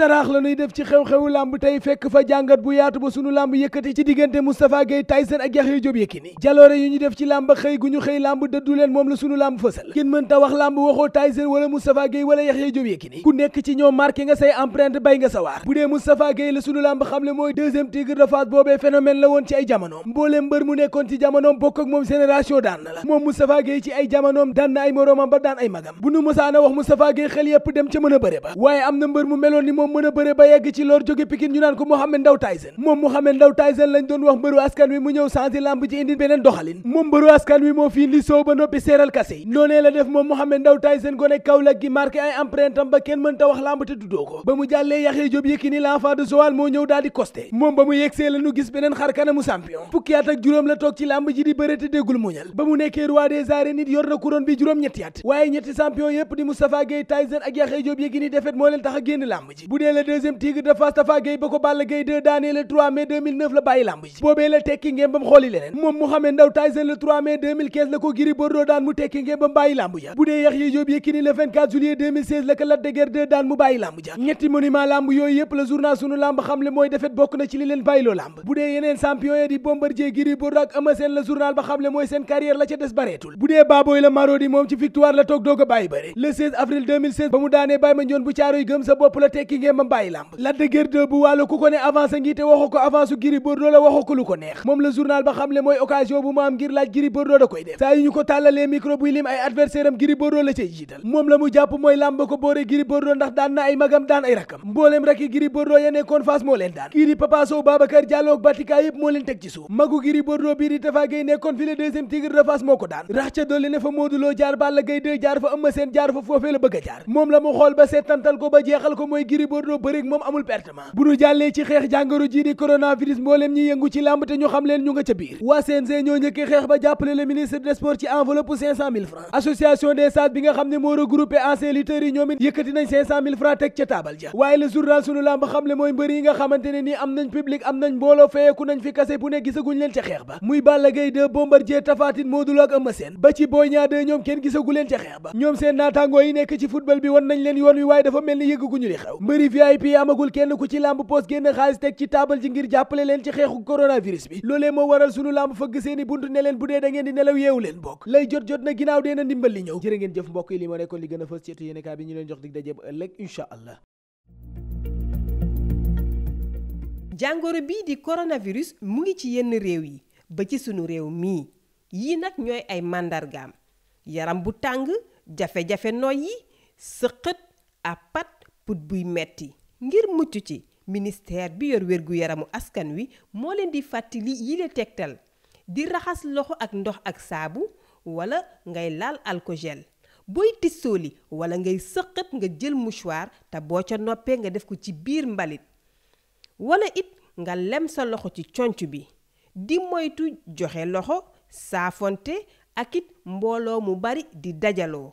saraax la nuy def ci xew-xewu lamb tey fekk fa jàngat bu yaatu ba sunu lamb yëkkati ci diggante Moustapha Gueye Tyson ak Yaxya Jóob Yékini jaloore yu ñu def ci lamb xëy gu ñu xëy lamb dëddu leen moom la sunu lamb fësal kenn mënta wax lamb waxoo Tyson wala Moustapha Gueye wala Yaxya Jóob Yékini ku nekk ci ñoom marqué nga say empreinte bay nga sa waar bu dee Moustapha Gueye la sunu lamb xam le mooy deuxième tigre de Fass boobee phénomène la woon ci ay jamonoom mbooleem mbër mu nekkoon ci jamonoom bokk ak moom génération daan a bëre ba moom mën a bëre ba yegg ci loor jóge Pikine ñu naan ko Mohamed Ndao Tyson moom Mohamed Ndao Tyson lañ doon wax mbëru askan wi mu ñëw changé lamb ji indi beneen doxalin moom mbëru askan wi moo fii li soow ba noppi seeral kase yi noonee la def moom Mohamed Ndao Tyson gone Kaolack gi marqué ay empreinte ba kenn mënta wax lamb te duddoo ko ba mu jàllee Yaxya Jóob Yékini l'enfant de Joal moo ñëw daal di moom ba mu yegsee la gis beneen xar kanamu champion fukki at ak juróom la toog ci mu nekkee roi des arènes nit yor na couronne bi juróom ñetti at waaye ñetti champion a génn lamb dee le deuxième tigre de Fass Tafa ba ko Balla Gaye 2 daanee le 3 mai 2009 la bàyyi lamb ji boobee la tekki ngeen bam xooli leneen moom Mohamed Ndao Tyson le 3 mai 2015 la ko Gris Bordeaux daan mu tekki ngeen bam bàyyi lamb ja bu dee Yaxya Jóob Yékini le 24 juillet 2016 la ko Lac de Guiers daan mu bàyyi lamb ja ñetti monument lamb yooyu yépp la journal sunu lamb xam le mooy defet bokk na ci li leen bàyyiloo lamb bu dee yeneen champion ya di Bombardier Gris la journal ba xam le mooy seen carrière la ca des bareetul bu dee baabooy la Marodi moom a bopp la tekki ngeen ba bàyyi làmb Lac de bu wàllu ku ko ne avancé ngi te waxu ko avance Gris Bordeaux la waxu ko lu ko neex moom la journal ba xam mooy occasion bu mu am ngir laaj Gris Bordeaux da koy def saa yu ñu ko tàllalee micro buy lim ay adversaire am Gris la cay jiital moom la mu jàpp mooy làmb ko boore Gris Bordeaux ndax daan na ay magam daan ay rakkam mbooleem rakki Gris Bordeaux ya nekkoon face moo leen daan kii di Papa Sow Babacar Diallo a jaar moom la Bordeaux bëreeg moom amul pertement bu nu jàllee ci xeex jàngoro jii di coronavirus mbooleem ñi yëngu ci làmb te ñu xam leen ñu nga ca biir waa CNG ñoo njëkkee xeex ba jàppale le ministre des sports ci enveloppe francs association des stades bi nga xam ne moo regroupé anciens yi ñoom it yëkkati nañ francs teg ca taabal ja waaye le journal sunu làmb xam le mooy mbër yi nga xamante nii am nañ public am nañ mbooloo feyeku nañ fi kase bu leen ca xeex ba muy Balla Gaye nekk ci mbëri VIP amagul kenn ku ci lamb poos génn xaalis teg ci taabal ji ngir jàppale leen ci xeexu coronavirus bi loolee moo waral sunu lamb fëgg seeni bunt ne leen bu dee da di nelaw yeewu leen bokk lay jot jot na ginnaaw dee na ndimbal li ñëw jërë ngeen jëf mbokk yi nekkoon li gën fës ci ëttu yéenekaay bi ñu leen jox dig daje ba ëllëg incha allah jàngoro bii di coronavirus mu ngi ci yenn réew yi ba ci sunu réew mii yii nag ñooy ay màndargaam bu tàng jafe-jafe noyyi sëqët buy metti ngir mucc ci ministère bi yor wér gu yaramu askan wi moo leen di fàttali yile tegtal di raxas loxo ak ndox ak saabu wala ngay laal alkogel booy tissooli wala ngay sëqat nga jël mouchoir te boo ca noppee nga def ko ci biir mbalit wala it nga lem sa loxo ci conc bi di moytu joxe loxo saafonte ak it mbooloo mu bari di dajaloo